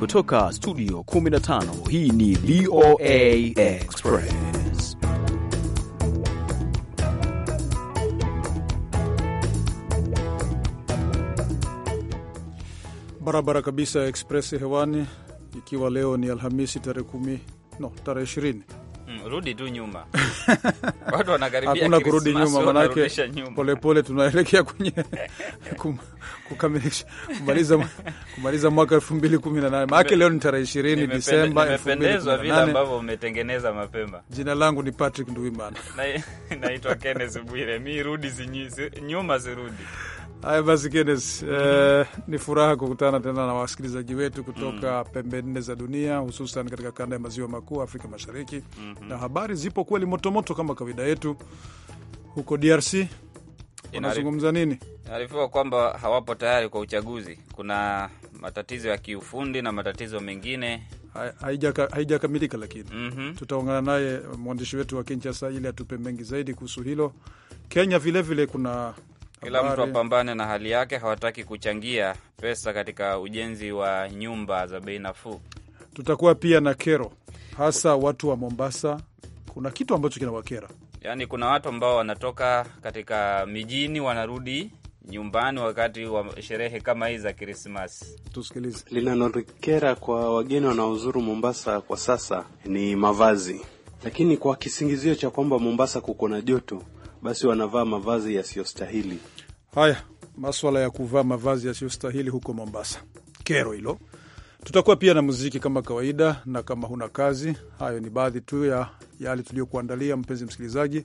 Kutoka studio 15 hii ni VOA Express. Barabara kabisa ya Express hewani, ikiwa leo ni Alhamisi tarehe 10 no tarehe 20 Mm, rudi tu nyuma, watu wanakaribia. Hakuna kurudi nyuma, manake polepole tunaelekea kwenye kukamilisha kumaliza, kumaliza mwaka elfu mbili kumi na nane maake leo ni tarehe ishirini Disemba. Nimependezwa vile ambavyo umetengeneza mapema. Jina langu ni Patrick Nduimana. Naitwa Kenneth Bwire. Mi rudi zinyuma zirudi Haya basi, Kenes eh, ni furaha kukutana tena na wasikilizaji wetu kutoka mm. pembe nne za dunia, hususan katika kanda ya maziwa makuu, Afrika Mashariki mm -hmm. na habari zipo kweli motomoto kama kawaida yetu. Huko DRC wanazungumza nini? Naarifiwa kwamba hawapo tayari kwa uchaguzi, kuna matatizo ya kiufundi na matatizo mengine haijakamilika lakini, mm -hmm. tutaungana naye mwandishi wetu wa Kinshasa ili atupe mengi zaidi kuhusu hilo. Kenya vilevile vile kuna kila mtu apambane na hali yake, hawataki kuchangia pesa katika ujenzi wa nyumba za bei nafuu. Tutakuwa pia na kero, hasa watu wa Mombasa. Kuna kitu ambacho kinawakera, yaani kuna watu ambao wanatoka katika mijini wanarudi nyumbani wakati wa sherehe kama hii za Krismasi. Tusikilize. Linalokera kwa wageni wanaozuru Mombasa kwa sasa ni mavazi, lakini kwa kisingizio cha kwamba Mombasa kuko na joto basi wanavaa mavazi yasiyostahili. Haya maswala ya kuvaa mavazi yasiyostahili huko Mombasa, kero hilo. Tutakuwa pia na muziki kama kawaida, na kama huna kazi, hayo ni baadhi tu ya yale tuliyokuandalia, mpenzi msikilizaji.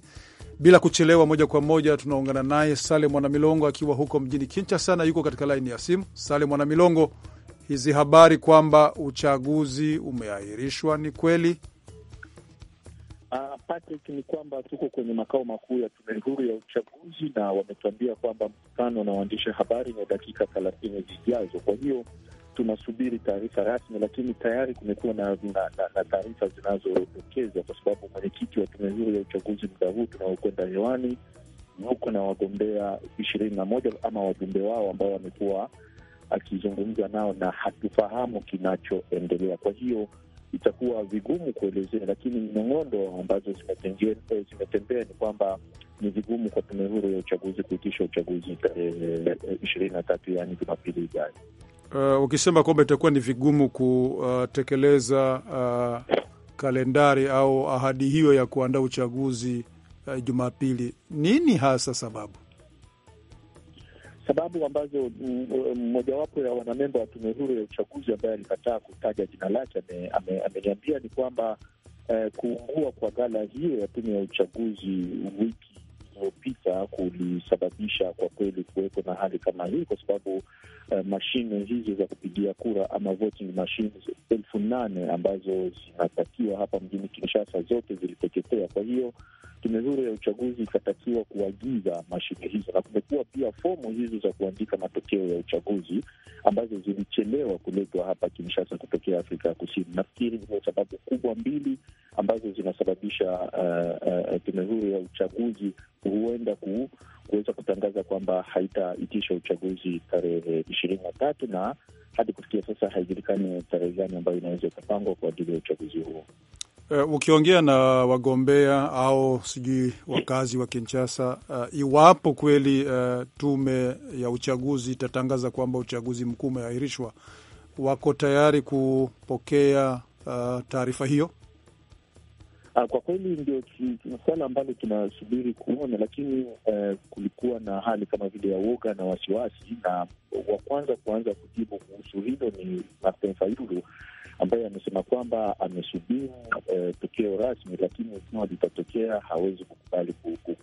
Bila kuchelewa, moja kwa moja tunaungana naye Sale Mwanamilongo akiwa huko mjini Kinshasa na yuko katika laini ya simu. Sale Mwanamilongo, hizi habari kwamba uchaguzi umeahirishwa ni kweli? Uh, Patrick, ni kwamba tuko kwenye makao makuu ya tume huru ya uchaguzi na wametuambia kwamba mkutano na waandishi habari ni dakika thelathini zijazo. Kwa hiyo tunasubiri taarifa rasmi, lakini tayari kumekuwa na, na, na, na taarifa zinazodokezwa, kwa sababu mwenyekiti wa tume huru ya uchaguzi muda huu tunaokwenda hewani yuko na wagombea ishirini na moja ama wajumbe wao ambao wamekuwa akizungumza nao na hatufahamu kinachoendelea. Kwa hiyo itakuwa vigumu kuelezea, lakini nongondo ambazo eh, zimetembea ni kwamba ni vigumu kwa tume huru ya uchaguzi kuitisha uchaguzi tarehe eh, ishirini na tatu yaani Jumapili ijayo. Uh, ukisema kwamba itakuwa ni vigumu kutekeleza uh, kalendari au ahadi hiyo ya kuandaa uchaguzi uh, Jumapili, nini hasa sababu? sababu ambazo mmojawapo mm, mm, ya wanamemba wa tume huru ya uchaguzi ambaye alikataa kutaja jina lake ameniambia ni kwamba eh, kuungua kwa ghala hiyo ya tume ya uchaguzi wiki zilizopita kulisababisha kwa kweli kuweko na hali kama hii, kwa sababu uh, mashine hizi za kupigia kura ama voting machines elfu nane ambazo zinatakiwa hapa mjini Kinshasa zote ziliteketea. Kwa hiyo tume huru ya uchaguzi ikatakiwa kuagiza mashine hizo, na kumekuwa pia fomu hizo za kuandika matokeo ya uchaguzi ambazo zilichelewa kuletwa hapa Kinshasa kutokea Afrika ya Kusini. Nafikiri ndio sababu kubwa mbili ambazo zinasababisha uh, uh, tume huru ya uchaguzi huenda ku, kuweza kutangaza kwamba haitaitisha uchaguzi tarehe ishirini na tatu na hadi kufikia sasa haijulikani tarehe gani ambayo inaweza ikapangwa kwa ajili ya uchaguzi huo. Uh, ukiongea na wagombea au sijui wakazi wa Kinshasa, uh, iwapo kweli uh, tume ya uchaguzi itatangaza kwamba uchaguzi mkuu umeahirishwa, wako tayari kupokea uh, taarifa hiyo? Ah, kwa kweli ndio suala ambalo tunasubiri kuona, lakini eh, kulikuwa na hali kama vile ya woga na wasiwasi, na wa kwanza kuanza kujibu kuhusu hilo ni Martin Fayulu ambaye amesema kwamba amesubiri eh, tokeo rasmi, lakini ikiwa litatokea hawezi kukubali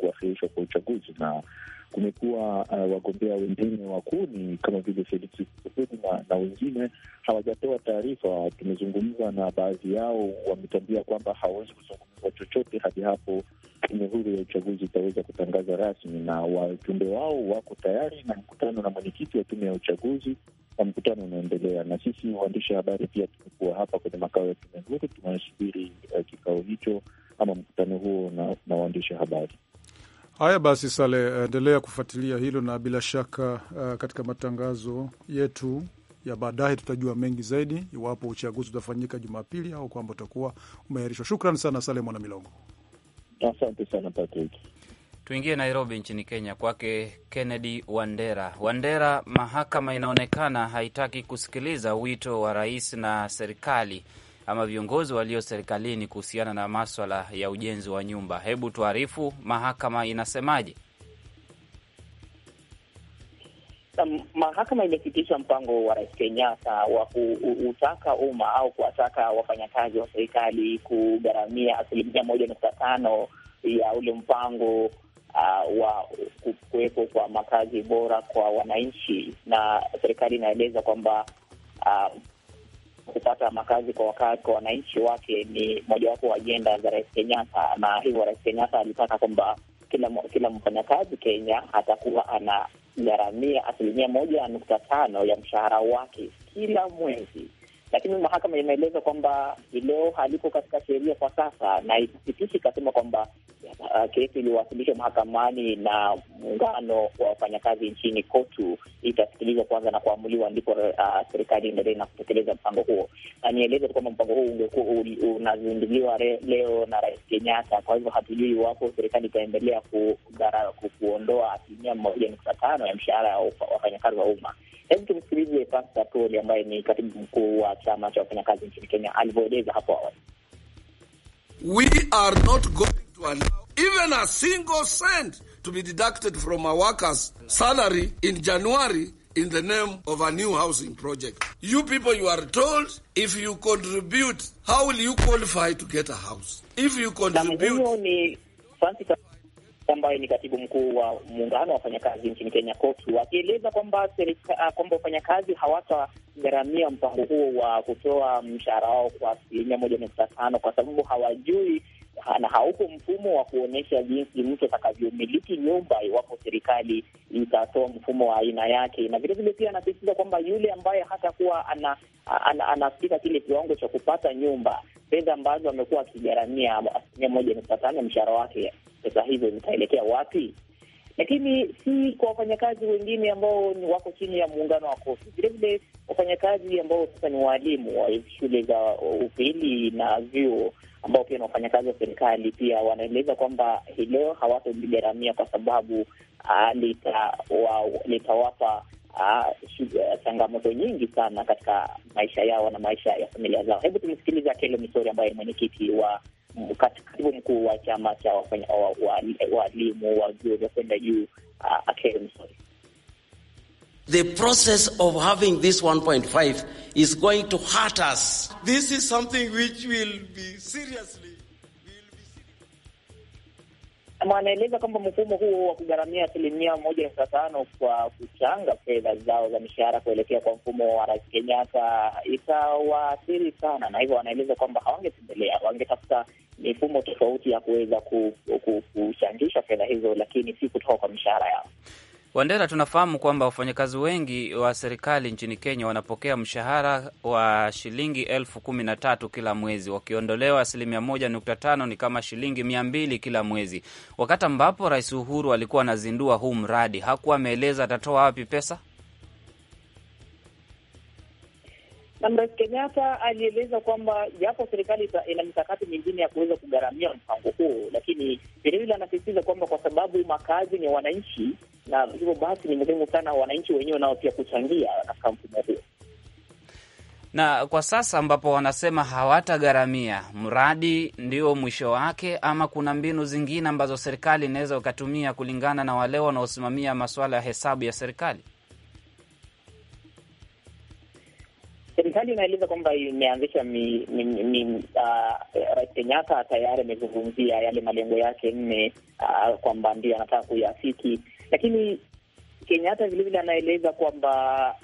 kuahirishwa kwa uchaguzi na kumekuwa uh, wagombea wengine wa kumi kama vile Felix Tshisekedi na, na wengine hawajatoa taarifa. Tumezungumza na baadhi yao, wametambia kwamba hawawezi kuzungumza chochote hadi hapo tume huru ya uchaguzi itaweza kutangaza rasmi, na wajumbe wao wako tayari na mkutano na mwenyekiti wa tume ya uchaguzi, na mkutano unaendelea. Na sisi waandishi habari pia tumekuwa hapa kwenye makao ya tume huru, tunasubiri uh, kikao hicho ama mkutano huo na, na waandishi habari. Haya basi, Sale, eh, endelea kufuatilia hilo na bila shaka uh, katika matangazo yetu ya baadaye tutajua mengi zaidi iwapo uchaguzi utafanyika Jumapili au kwamba utakuwa umeahirishwa. Shukran sana Sale Mwana Milongo, asante sana Patrick. Tuingie Nairobi nchini Kenya, kwake Kennedy Wandera. Wandera, mahakama inaonekana haitaki kusikiliza wito wa rais na serikali ama viongozi walio serikalini kuhusiana na maswala ya ujenzi wa nyumba. Hebu tuarifu mahakama inasemaje? Mahakama imepitisha mpango wa Rais Kenyatta wa kuutaka umma au kuwataka wafanyakazi wa serikali kugharamia asilimia moja nukta tano ya ule mpango uh, wa kuwepo kwa makazi bora kwa wananchi, na serikali inaeleza kwamba uh, kupata makazi kwa wakazi, kwa wananchi wake ni mojawapo wa ajenda za Rais Kenyatta, na hivyo Rais Kenyatta alitaka kwamba kila kila mfanyakazi Kenya atakuwa anagharamia asilimia moja nukta tano ya mshahara wake kila mwezi, lakini mahakama imeeleza kwamba hilo haliko katika sheria kwa sasa, na ipitishi ikasema kwamba uh, kesi iliyowasilishwa mahakamani na muungano wa wafanyakazi nchini KOTU itasikilizwa kwanza na kuamuliwa, ndipo uh, serikali iendelee na kutekeleza mpango huo. Na nieleze tu kwamba mpango huo ungekuwa unazinduliwa leo na Rais Kenyatta. Kwa hivyo hatujui iwapo serikali itaendelea ku, ku, kuondoa asilimia moja nukta tano ya mshahara ya wafanyakazi wa umma. Hebu tumsikilize Francis ambaye ni katibu mkuu wa chama cha wafanyakazi nchini Kenya alivyoeleza hapo awali. We are not going to allow even a single cent to be deducted from a worker's salary in January in the name of a new housing project. You people, you are told if you contribute, how will you qualify to get a house? If you contribute... ambaye ni katibu mkuu wa muungano wa wafanyakazi nchini Kenya KOTU, akieleza kwamba ah, kwamba wafanyakazi hawatagharamia mpango huo wa kutoa mshahara wao kwa asilimia moja nukta tano kwa sababu hawajui na hauko mfumo wa kuonyesha jinsi mtu atakavyomiliki nyumba iwapo serikali itatoa mfumo wa aina yake. Na vilevile pia anasisitiza kwamba yule ambaye hatakuwa ana, ana, anafika kile kiwango cha kupata nyumba, fedha ambazo amekuwa akigharamia asilimia moja nukta tano mshahara wake, pesa hizo zitaelekea wapi? lakini si kwa wafanyakazi wengine ambao ni wako chini ya muungano wa KOSI. Vilevile wafanyakazi ambao sasa ni waalimu wa shule za upili na vyuo ambao pia ni wafanyakazi wa serikali pia wanaeleza kwamba hileo leo kwa sababu ah, litawapa lita uh, changamoto nyingi sana katika maisha yao na maisha ya familia zao. Hebu tumsikiliza Kelo Misori ambaye ni mwenyekiti wa katibu mkuu wa chama cha wa vyuo vya kwenda juu uh, The process of having this 1.5 is going to hurt us. This is something which will be seriously anaeleza kwamba mfumo huo wa kugharamia asilimia moja nukta tano kwa kuchanga fedha zao za mishahara kuelekea kwa mfumo wa Rais Kenyatta itawaathiri sana, na hivyo wanaeleza kwamba hawangependelea, wangetafuta mifumo tofauti ya kuweza kuchangisha fedha hizo, lakini si kutoka kwa mishahara yao. Wandera, tunafahamu kwamba wafanyakazi wengi wa serikali nchini Kenya wanapokea mshahara wa shilingi elfu kumi na tatu kila mwezi. Wakiondolewa asilimia moja nukta tano ni kama shilingi mia mbili kila mwezi. Wakati ambapo Rais Uhuru alikuwa anazindua huu mradi, hakuwa ameeleza atatoa wapi pesa? na Rais Kenyatta alieleza kwamba japo serikali ina mikakati mingine ya kuweza kugharamia mpango huo, lakini vilevile anasisitiza kwamba kwa sababu makazi ni wananchi, na hivyo basi ni muhimu sana wananchi wenyewe nao pia kuchangia katika mfumo huo na kwa sasa ambapo wanasema hawatagharamia mradi ndio mwisho wake, ama kuna mbinu zingine ambazo serikali inaweza ukatumia kulingana na wale wanaosimamia masuala ya hesabu ya serikali? Serikali inaeleza kwamba imeanzisha mi, mi, mi, uh, Rais Kenyatta tayari amezungumzia yale malengo yake nne, uh, kwamba ndio anataka kuyafiki, lakini Kenyatta vilevile anaeleza kwamba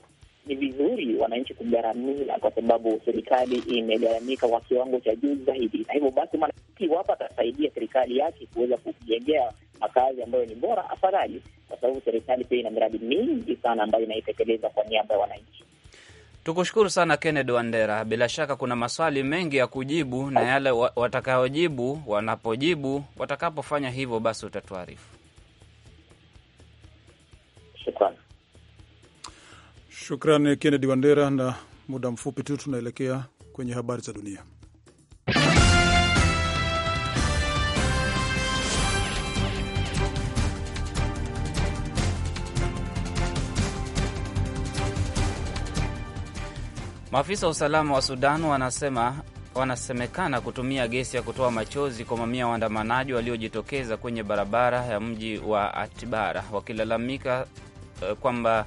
ni vizuri wananchi kugaramia, kwa sababu serikali imegaramika kwa kiwango cha juu zaidi, na hivyo basi mwananchi iwapo atasaidia serikali yake kuweza kujengea makazi ambayo ni bora, afadhali, kwa sababu serikali pia ina miradi mingi sana ambayo inaitekeleza kwa niaba ya wananchi. Tukushukuru sana Kennedy Wandera. Bila shaka kuna maswali mengi ya kujibu na yale watakayojibu, wanapojibu, watakapofanya hivyo, basi utatuarifu. Shukrani, kenned Kennedy Wandera, na muda mfupi tu tunaelekea kwenye habari za dunia. Maafisa wa usalama wa Sudan wanasema wanasemekana kutumia gesi ya kutoa machozi kwa mamia waandamanaji waliojitokeza kwenye barabara ya mji wa Atibara wakilalamika eh, kwamba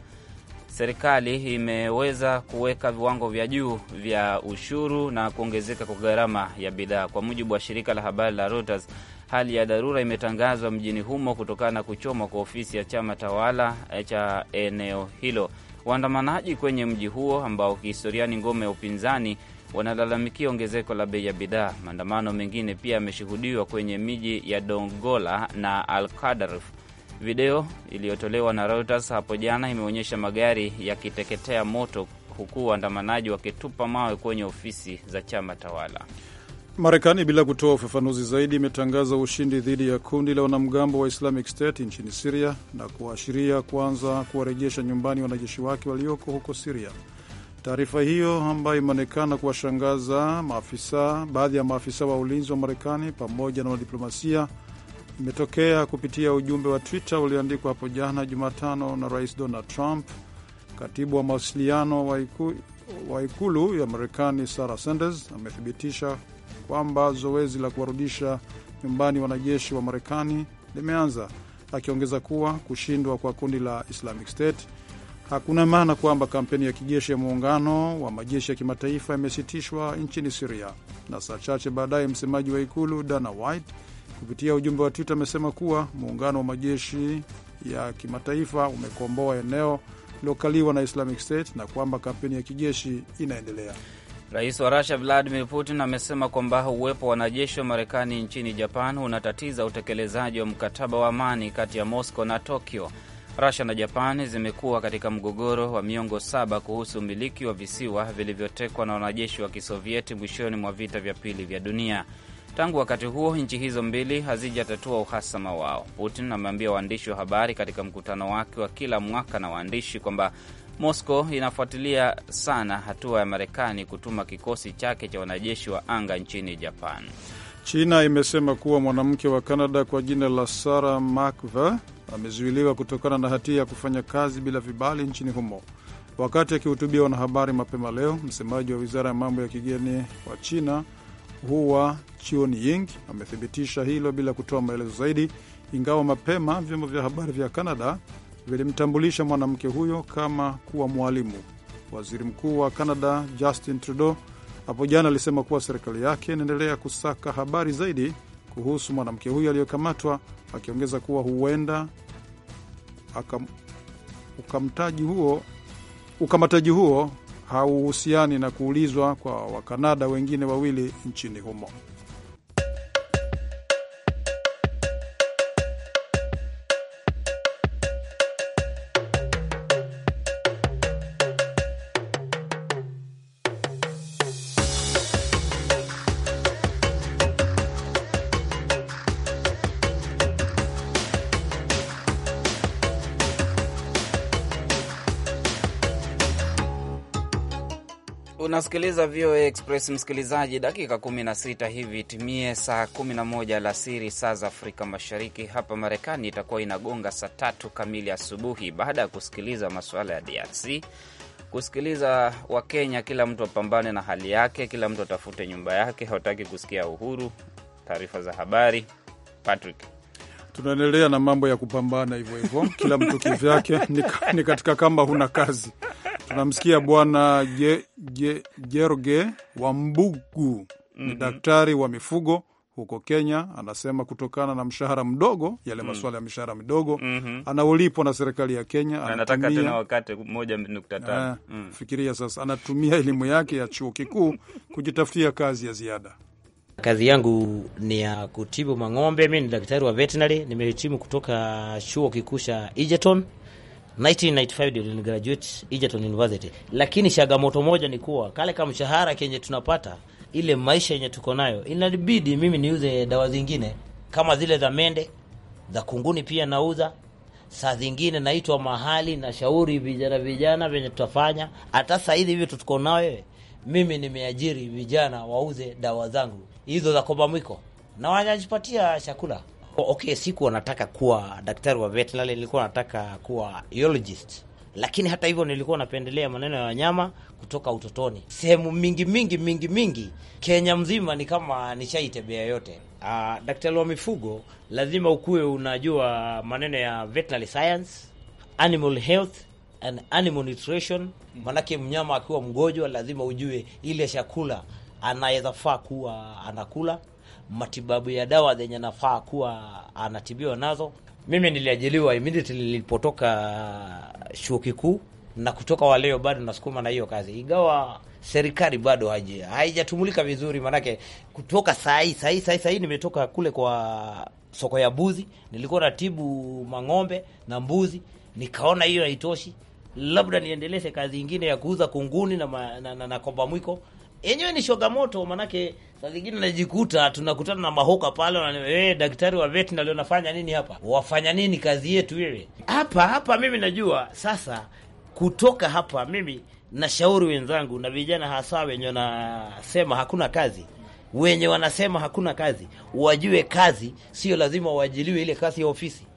serikali imeweza kuweka viwango vya juu vya ushuru na kuongezeka kwa gharama ya bidhaa. Kwa mujibu wa shirika la habari la Reuters, hali ya dharura imetangazwa mjini humo kutokana na kuchomwa kwa ofisi ya chama tawala eh, cha eneo hilo. Waandamanaji kwenye mji huo ambao kihistoria ni ngome ya upinzani wanalalamikia ongezeko la bei ya bidhaa. Maandamano mengine pia yameshuhudiwa kwenye miji ya Dongola na al Video iliyotolewa na Reuters hapo jana imeonyesha magari yakiteketea moto huku waandamanaji wakitupa mawe kwenye ofisi za chama tawala. Marekani bila kutoa ufafanuzi zaidi imetangaza ushindi dhidi ya kundi la wanamgambo wa Islamic State nchini Siria na kuashiria kuanza kuwarejesha nyumbani wanajeshi wake walioko huko Siria. Taarifa hiyo ambayo imeonekana kuwashangaza maafisa, baadhi ya maafisa wa ulinzi wa Marekani pamoja na wanadiplomasia imetokea kupitia ujumbe wa Twitter ulioandikwa hapo jana Jumatano na Rais Donald Trump. Katibu wa mawasiliano wa Ikulu ya Marekani Sarah Sanders amethibitisha kwamba zoezi la kuwarudisha nyumbani wanajeshi wa Marekani limeanza, akiongeza kuwa kushindwa kwa kundi la Islamic State hakuna maana kwamba kampeni ya kijeshi ya muungano wa majeshi ya kimataifa imesitishwa nchini Siria. Na saa chache baadaye, msemaji wa ikulu Dana White kupitia ujumbe wa Twitter amesema kuwa muungano wa majeshi ya kimataifa umekomboa eneo lilokaliwa na Islamic State na kwamba kampeni ya kijeshi inaendelea. Rais wa Rusia Vladimir Putin amesema kwamba uwepo wa wanajeshi wa Marekani nchini Japan unatatiza utekelezaji wa mkataba wa amani kati ya Moscow na Tokyo. Rusia na Japan zimekuwa katika mgogoro wa miongo saba kuhusu umiliki wa visiwa vilivyotekwa na wanajeshi wa Kisovieti mwishoni mwa vita vya pili vya dunia. Tangu wakati huo nchi hizo mbili hazijatatua uhasama wao. Putin ameambia waandishi wa habari katika mkutano wake wa kila mwaka na waandishi kwamba Moscow inafuatilia sana hatua ya Marekani kutuma kikosi chake cha wanajeshi wa anga nchini Japan. China imesema kuwa mwanamke wa Kanada kwa jina la Sara Makve amezuiliwa kutokana na hatia ya kufanya kazi bila vibali nchini humo. Wakati akihutubia wanahabari mapema leo, msemaji wa wizara ya mambo ya kigeni wa China Hua Chunying amethibitisha hilo bila kutoa maelezo zaidi, ingawa mapema vyombo vya habari vya Kanada vilimtambulisha mwanamke huyo kama kuwa mwalimu. Waziri Mkuu wa Canada Justin Trudeau hapo jana alisema kuwa serikali yake inaendelea kusaka habari zaidi kuhusu mwanamke huyo aliyekamatwa, akiongeza kuwa huenda ukamtaji huo, ukamataji huo hauhusiani na kuulizwa kwa Wakanada wengine wawili nchini humo. unasikiliza VOA Express msikilizaji, dakika 16 hivi timie saa 11 alasiri saa za Afrika Mashariki. Hapa Marekani itakuwa inagonga saa tatu kamili asubuhi, baada ya kusikiliza masuala ya DRC, kusikiliza Wakenya, kila mtu apambane na hali yake, kila mtu atafute nyumba yake, hautaki kusikia uhuru, taarifa za habari. Patrick tunaendelea na mambo ya kupambana hivyo hivyo, kila mtu kivyake. Ni katika kama huna kazi tunamsikia Bwana Jerge mbugu ni mm -hmm. daktari wa mifugo huko Kenya, anasema kutokana na mshahara mdogo, yale mhm. masuala mm. ya mshahara midogo mm -hmm. anaolipwa na serikali ya Kenya anataka tena wakati moja nukta tano eh, mm. Fikiria sasa, anatumia elimu yake ya chuo kikuu kujitafutia kazi ya ziada. Kazi yangu ni ya kutibu mang'ombe. Mi ni daktari wa veterinary, nimehitimu kutoka chuo kikuu cha Egerton. 1995 ndio niligraduate Egerton University, lakini changamoto moja ni kuwa kale kama mshahara kenye tunapata ile maisha yenye tuko nayo inabidi mimi niuze dawa zingine kama zile za mende za kunguni, pia nauza saa zingine naitwa mahali na shauri vijana vijana venye tutafanya. Hata saa hizi hivyo tuko na wewe, mimi nimeajiri vijana wauze dawa zangu hizo za kobamwiko na wanajipatia chakula kwa okay, sikuwa nataka kuwa daktari wa veterinary, nilikuwa nataka kuwa biologist, lakini hata hivyo nilikuwa napendelea maneno ya wanyama kutoka utotoni. Sehemu mingi mingi mingi mingi Kenya mzima ni kama nishaitembea yote. Uh, daktari wa mifugo lazima ukuwe unajua maneno ya veterinary science, animal health and animal nutrition. Manake mnyama akiwa mgonjwa lazima ujue ile chakula anaweza faa kuwa anakula matibabu ya dawa zenye nafaa kuwa anatibiwa nazo. Mimi niliajiliwa immediately nilipotoka uh, chuo kikuu na kutoka waleo bado nasukuma na hiyo kazi, ingawa serikali bado haijatumulika vizuri. Maanake kutoka sahii sahii sahii sahii nimetoka kule kwa soko ya Buzi, nilikuwa natibu mang'ombe na mbuzi, nikaona hiyo haitoshi, labda niendeleshe kazi ingine ya kuuza kunguni na, na, na, na komba mwiko yenyewe ni shoga moto, manake saa zingine najikuta tunakutana na mahoka pale, wananiambia eh, daktari wa vet ndio nafanya nini hapa, wafanya nini kazi yetu ile hapa hapa. Mimi najua sasa, kutoka hapa mimi nashauri wenzangu na vijana hasa wenye wanasema hakuna kazi wenye wanasema hakuna kazi wajue, kazi sio lazima uajiliwe ile kazi ya ofisi.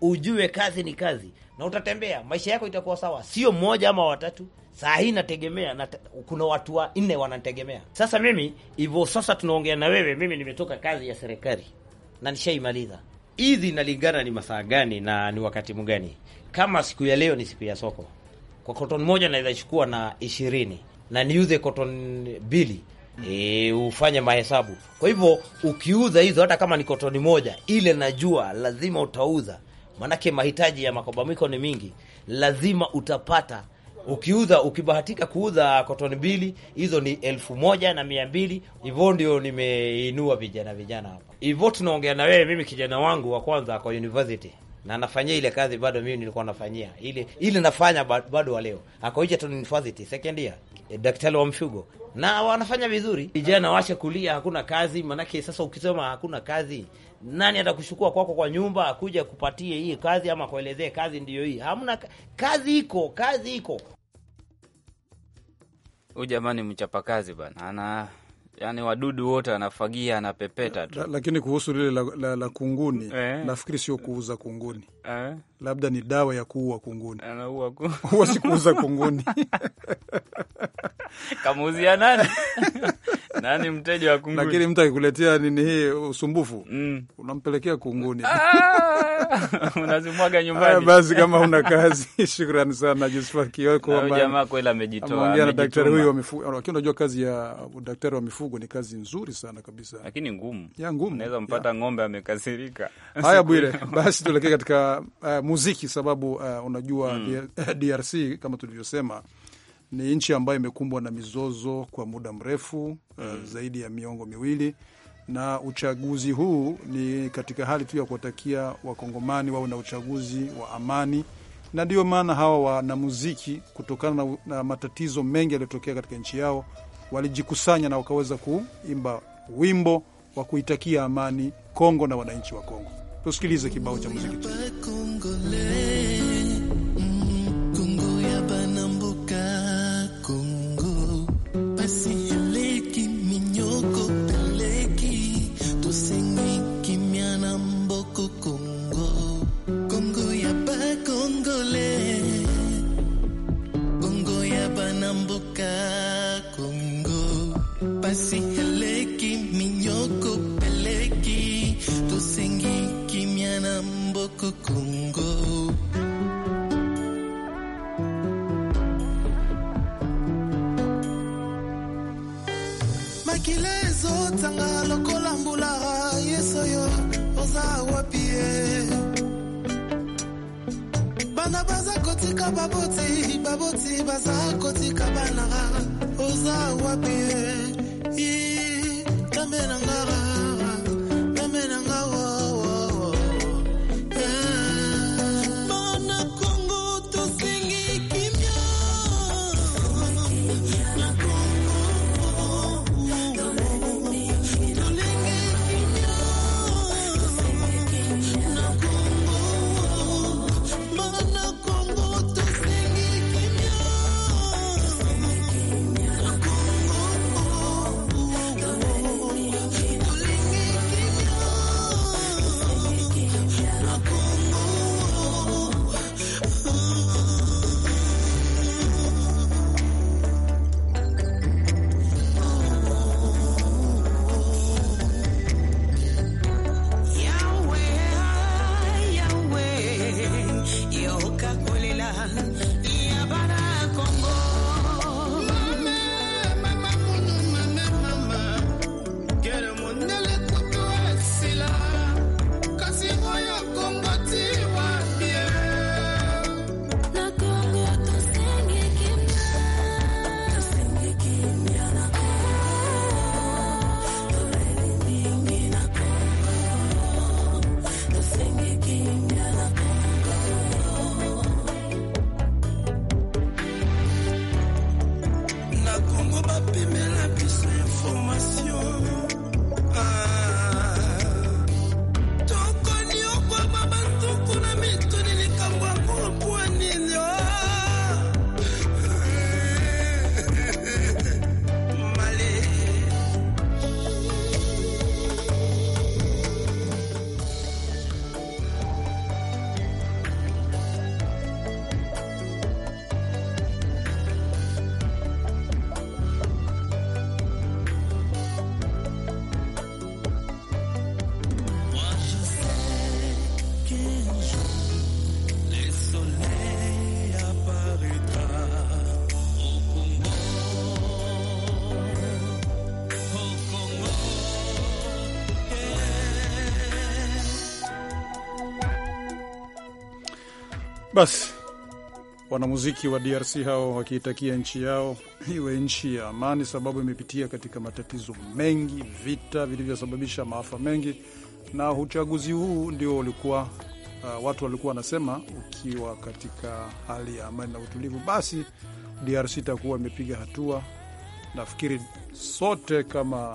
Ujue kazi ni kazi, na utatembea maisha yako itakuwa sawa, sio mmoja ama watatu saa hii nategemea na kuna watu wa nne wanategemea. Sasa mimi hivyo, sasa tunaongea na wewe, mimi nimetoka kazi ya serikali na nishaimaliza. Hizi Nalingana ni masaa gani na ni wakati mgani. Kama siku ya leo ni siku ya soko, kwa cotton moja naweza chukua na ishirini na niuze cotton mbili E, ufanye mahesabu. Kwa hivyo ukiuza hizo, hata kama ni kotoni moja ile, najua lazima utauza, maanake mahitaji ya makobamiko ni mingi, lazima utapata ukiudha, ukibahatika kuudha kotoni mbili hizo ni elfu moja na mia mbili hivyo ndio nimeinua vijana vijana hapa hivyo tunaongea na wewe mimi kijana wangu wa kwanza kwa university na nafanyia ile kazi bado mimi nilikuwa nafanyia ile ile nafanya bado wa leo akoija tu university second year e, daktari wa mfugo na wanafanya vizuri vijana wache kulia hakuna kazi manake sasa ukisema hakuna kazi nani atakushukua kwako kwa nyumba akuja kupatie hii kazi ama kuelezee kazi Ndio hii hamna kazi iko kazi iko huyu jamani mchapakazi bana ana yani wadudu wote anafagia anapepeta tu. Lakini kuhusu lile la, la, la kunguni eh, nafikiri sio kuuza kunguni eh labda ni dawa ya kuua kunguni, anaua huwa sikuuza kunguni kamuuzia nani? nani mteja wa kunguni? Lakini mtu akikuletea nini hii usumbufu mm. unampelekea kunguni ah! unazimwaga nyumbani. Basi kama una kazi, shukrani sana Josefa Kioko, jamaa kweli amejitoa na daktari huyu wa mifugo. Lakini unajua kazi ya daktari wa mifugo ni kazi nzuri sana kabisa, lakini ngumu ya ngumu, unaweza mpata ng'ombe amekasirika. Haya Bwire, basi tuelekee katika uh, muziki, sababu uh, unajua mm. DRC eh, kama tulivyosema ni nchi ambayo imekumbwa na mizozo kwa muda mrefu mm. uh, hmm. zaidi ya miongo miwili, na uchaguzi huu ni katika hali tu ya kuwatakia wakongomani wawe na uchaguzi wa amani, na ndiyo maana hawa wanamuziki kutokana na, na matatizo mengi yaliyotokea katika nchi yao walijikusanya na wakaweza kuimba wimbo wa kuitakia amani Kongo na wananchi wa Kongo. Tusikilize kibao cha muziki. Basi wanamuziki wa DRC hao wakiitakia nchi yao iwe nchi ya amani, sababu imepitia katika matatizo mengi, vita vilivyosababisha maafa mengi, na uchaguzi huu ndio ulikuwa uh, watu walikuwa wanasema ukiwa katika hali ya amani na utulivu, basi DRC itakuwa imepiga hatua. Nafikiri sote kama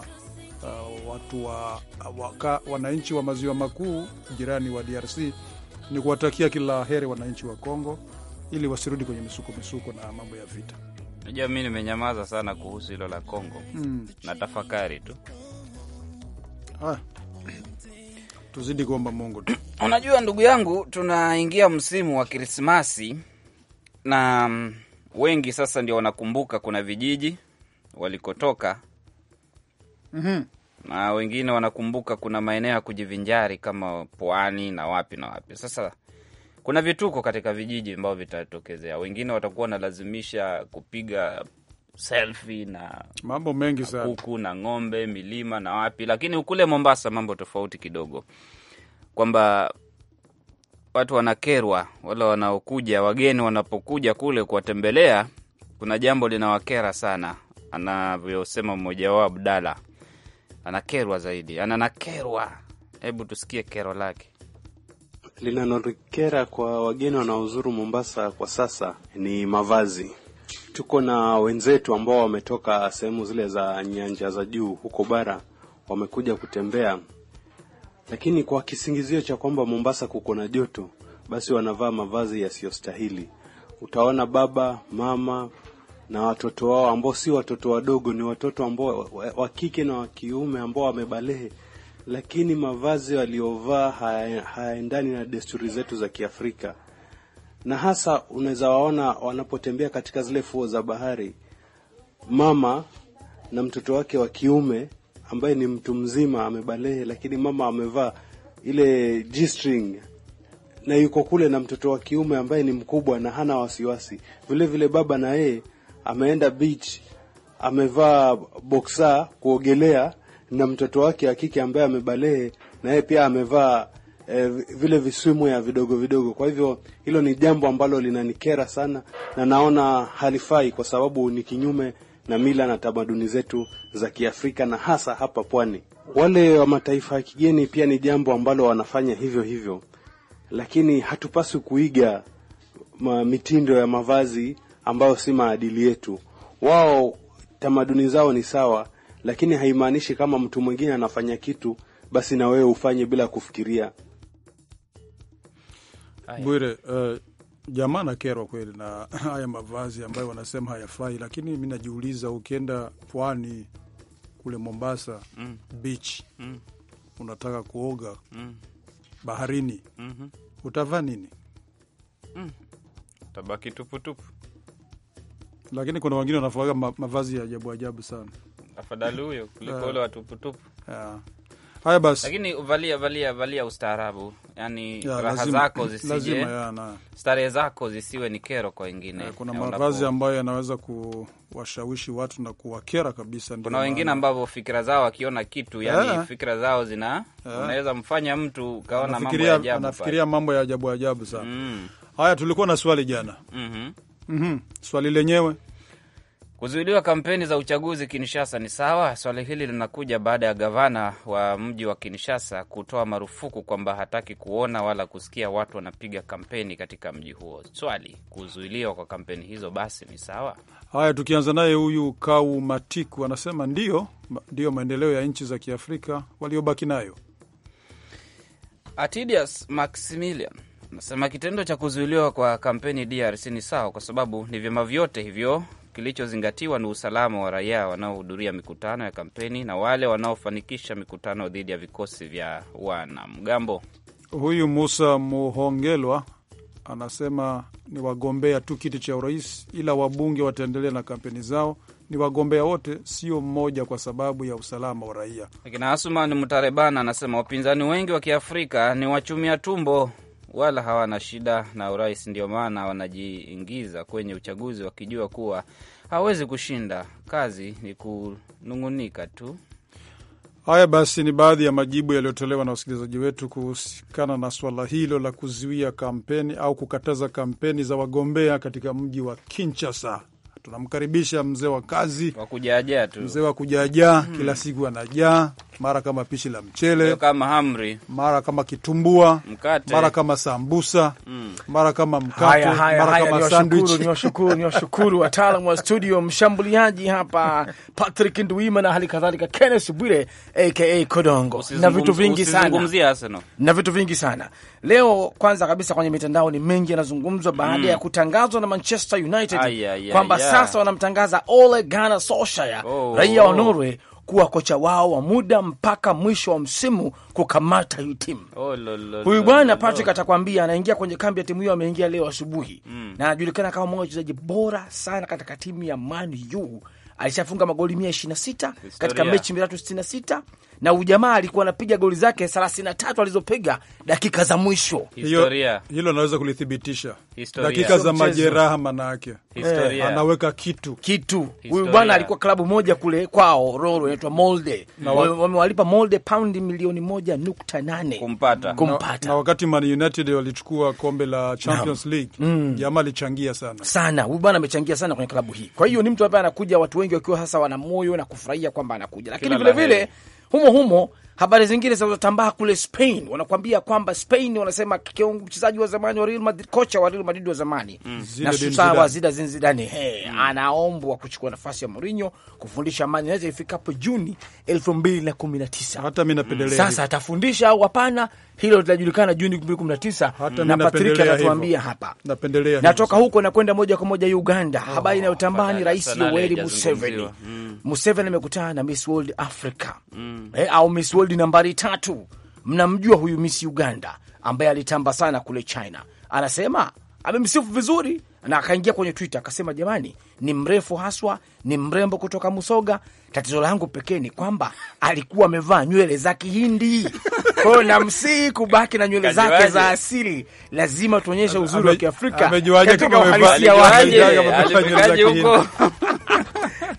uh, watu wa, wananchi wa maziwa makuu jirani wa DRC ni kuwatakia kila heri wananchi wa Kongo ili wasirudi kwenye misuko misuko na mambo ya vita. Najua mi nimenyamaza sana kuhusu hilo la Kongo mm. na tafakari tu ah. Tuzidi kuomba Mungu tu. Unajua ndugu yangu, tunaingia msimu wa Krismasi na mm, wengi sasa ndio wanakumbuka kuna vijiji walikotoka mm -hmm na wengine wanakumbuka kuna maeneo ya kujivinjari kama pwani na wapi na wapi. Sasa kuna vituko katika vijiji ambavyo vitatokezea, wengine watakuwa wanalazimisha kupiga selfie na mambo mengi sana, kuku na ng'ombe, milima na wapi. Lakini kule Mombasa mambo tofauti kidogo, kwamba watu wanakerwa, wala wanaokuja wageni wanapokuja kule kuwatembelea, kuna jambo linawakera sana, anavyosema mmoja wao Abdala anakerwa zaidi, ananakerwa. Hebu tusikie kero lake. Linalokera kwa wageni wanaozuru Mombasa kwa sasa ni mavazi. Tuko na wenzetu ambao wametoka sehemu zile za nyanja za juu huko bara, wamekuja kutembea, lakini kwa kisingizio cha kwamba Mombasa kuko na joto, basi wanavaa mavazi yasiyostahili. Utaona baba mama na watoto wao ambao si watoto wadogo, ni watoto ambao wa kike na wa kiume ambao wamebalehe, lakini mavazi waliovaa hayaendani na desturi zetu za Kiafrika, na hasa unaweza waona wanapotembea katika zile fuo za bahari, mama na mtoto wake wa kiume ambaye ni mtu mzima amebalehe, lakini mama amevaa ile G-string na yuko kule na mtoto wa kiume ambaye ni mkubwa na hana wasiwasi. Vilevile vile baba na yeye ameenda beach, amevaa boksa kuogelea, na mtoto wake wa kike ambaye amebalehe na yeye pia amevaa e, vile viswimu ya vidogo vidogo. Kwa hivyo hilo ni jambo ambalo linanikera sana, na naona halifai kwa sababu ni kinyume na mila na tamaduni zetu za Kiafrika na hasa hapa pwani. Wale wa mataifa ya kigeni pia ni jambo ambalo wanafanya hivyo hivyo, lakini hatupaswi kuiga mitindo ya mavazi ambayo si maadili yetu. Wao tamaduni zao ni sawa, lakini haimaanishi kama mtu mwingine anafanya kitu basi na wewe ufanye bila kufikiria. Bwire, uh, eh, jamaa nakerwa kweli na haya mavazi ambayo wanasema hayafai, lakini mi najiuliza, ukienda pwani kule Mombasa mm. beach mm. unataka kuoga mm. baharini mm -hmm. utavaa nini? mm. tabaki tuputupu lakini kuna wengine wanafuaga ma, mavazi ya ajabu ajabu sana. Afadhali huyo kuliko eh. ule watuputupu. Haya basi, lakini valia valia valia ustaarabu, yani ya, raha lazima, zako zisije, starehe zako zisiwe ni kero kwa wengine. Eh, kuna mavazi ambayo yanaweza kuwashawishi watu na kuwakera kabisa. Kuna wengine ambao fikira zao akiona kitu yani eh. fikira zao zina unaweza mfanya mtu ukaona mambo ya ajabu, anafikiria mambo ya ajabu ajabu sana. Mm. Haya, tulikuwa na swali jana mm -hmm mm -hmm. Swali lenyewe kuzuiliwa kampeni za uchaguzi Kinshasa ni sawa? Swali hili linakuja baada ya gavana wa mji wa Kinshasa kutoa marufuku kwamba hataki kuona wala kusikia watu wanapiga kampeni katika mji huo. Swali, kuzuiliwa kwa kampeni hizo basi ni sawa? Haya, tukianza naye huyu Kau Matiku anasema ndio, ndiyo maendeleo ya nchi za Kiafrika waliobaki nayo. Atidius Maximilian Nasema kitendo cha kuzuiliwa kwa kampeni DRC ni sawa, kwa sababu ni vyama vyote hivyo kilichozingatiwa ni usalama wa raia wanaohudhuria mikutano ya kampeni na wale wanaofanikisha mikutano dhidi ya vikosi vya wanamgambo. Huyu Musa Muhongelwa anasema ni wagombea tu kiti cha urais, ila wabunge wataendelea na kampeni zao. Ni wagombea wote, sio mmoja, kwa sababu ya usalama wa raia. Lakini Asuman Mutarebana anasema wapinzani wengi wa Kiafrika ni wachumia tumbo wala hawana shida na urais. Ndio maana wanajiingiza kwenye uchaguzi wakijua kuwa hawawezi kushinda, kazi ni kunung'unika tu. Haya basi, ni baadhi ya majibu yaliyotolewa na wasikilizaji wetu kuhusikana na suala hilo la kuzuia kampeni au kukataza kampeni za wagombea katika mji wa Kinshasa tunamkaribisha mzee wa kazi, mzee wa kujaajaa hmm. Kila siku anajaa, mara kama pishi la mchele, kama hamri, mara kama kitumbua, mkate, mara kama sambusa hmm. mara kama mkate haya, haya, mara haya, kama sandwich. Niwashukuru, niwashukuru wataalamu wa studio, mshambuliaji hapa Patrick Nduima na hali kadhalika Kenneth Bwire aka Kodongo na vitu vingi sana na vitu vingi sana leo. Kwanza kabisa kwenye mitandao ni mengi yanazungumzwa baada hmm. ya kutangazwa na Manchester United kwamba sasa wanamtangaza Ole Gunnar Solskjaer oh, oh, raia wa Norway kuwa kocha wao wa muda mpaka mwisho wa msimu kukamata hiyo timu. Oh, huyu bwana Patrick atakwambia anaingia kwenye kambi ya timu hiyo, ameingia leo asubuhi mm. na anajulikana kama mmoja wa wachezaji bora sana katika timu ya Man U. Alishafunga magoli mia sita katika mechi sita na ujamaa alikuwa anapiga goli zake 33 alizopiga dakika za mwisho. Historia hilo naweza kulithibitisha, dakika za majeraha manake eh, anaweka kitu kitu. Huyu bwana alikuwa klabu moja kule kwao Roro inaitwa Molde, wamewalipa Molde paundi milioni moja nukta nane kumpata, kumpata. Na, na wakati Man United walichukua kombe la Champions League mm, jamaa alichangia sana sana, huyu bwana amechangia sana kwenye klabu hii. Kwa hiyo ni mtu ambaye anakuja, watu wengi wakiwa hasa wana moyo na kufurahia kwamba anakuja, lakini vilevile humo, humo Habari zingine zinazotambaa kule Spain, wanakuambia kwamba Spain wanasema mchezaji wa zamani wa Real Madrid, kocha wa Real Madrid wa zamani mm, na sutawa Zinedine Zidane hey, mm, anaombwa kuchukua nafasi ya Mourinho kufundisha Man United ifikapo Juni 2019. Hata mimi napendelea sasa, atafundisha au hapana, hilo litajulikana Juni 2019, na Patrick atatuambia hapa. Napendelea natoka huko nakwenda moja kwa moja Uganda. Oh, habari inayotambaa ni Rais Yoweri Museveni. Mm. Museveni amekutana na Miss World Africa mm. eh, au Miss gold nambari tatu. Mnamjua huyu Miss Uganda ambaye alitamba sana kule China, anasema amemsifu vizuri na akaingia kwenye Twitter akasema, jamani, ni mrefu haswa, ni mrembo kutoka Musoga. Tatizo langu pekee ni kwamba alikuwa amevaa nywele za Kihindi kwayo, namsihi kubaki na nywele zake za asili. Lazima tuonyeshe uzuri wa Kiafrika katika uhalisia wake.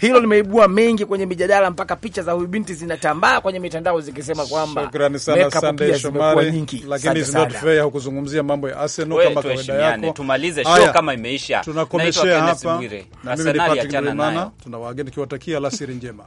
hilo limeibua mengi kwenye mijadala, mpaka picha za huyu binti zinatambaa kwenye mitandao zikisema kwamba shukrani sana Sunday Shomari, lakini is not fair hukuzungumzia mambo ya Arsenal kama kawaida yako. Tumalize show kama imeisha, tunakomeshea hapa na mimi ni Patrick Mwana, tuna wageni kiwatakia alasiri njema.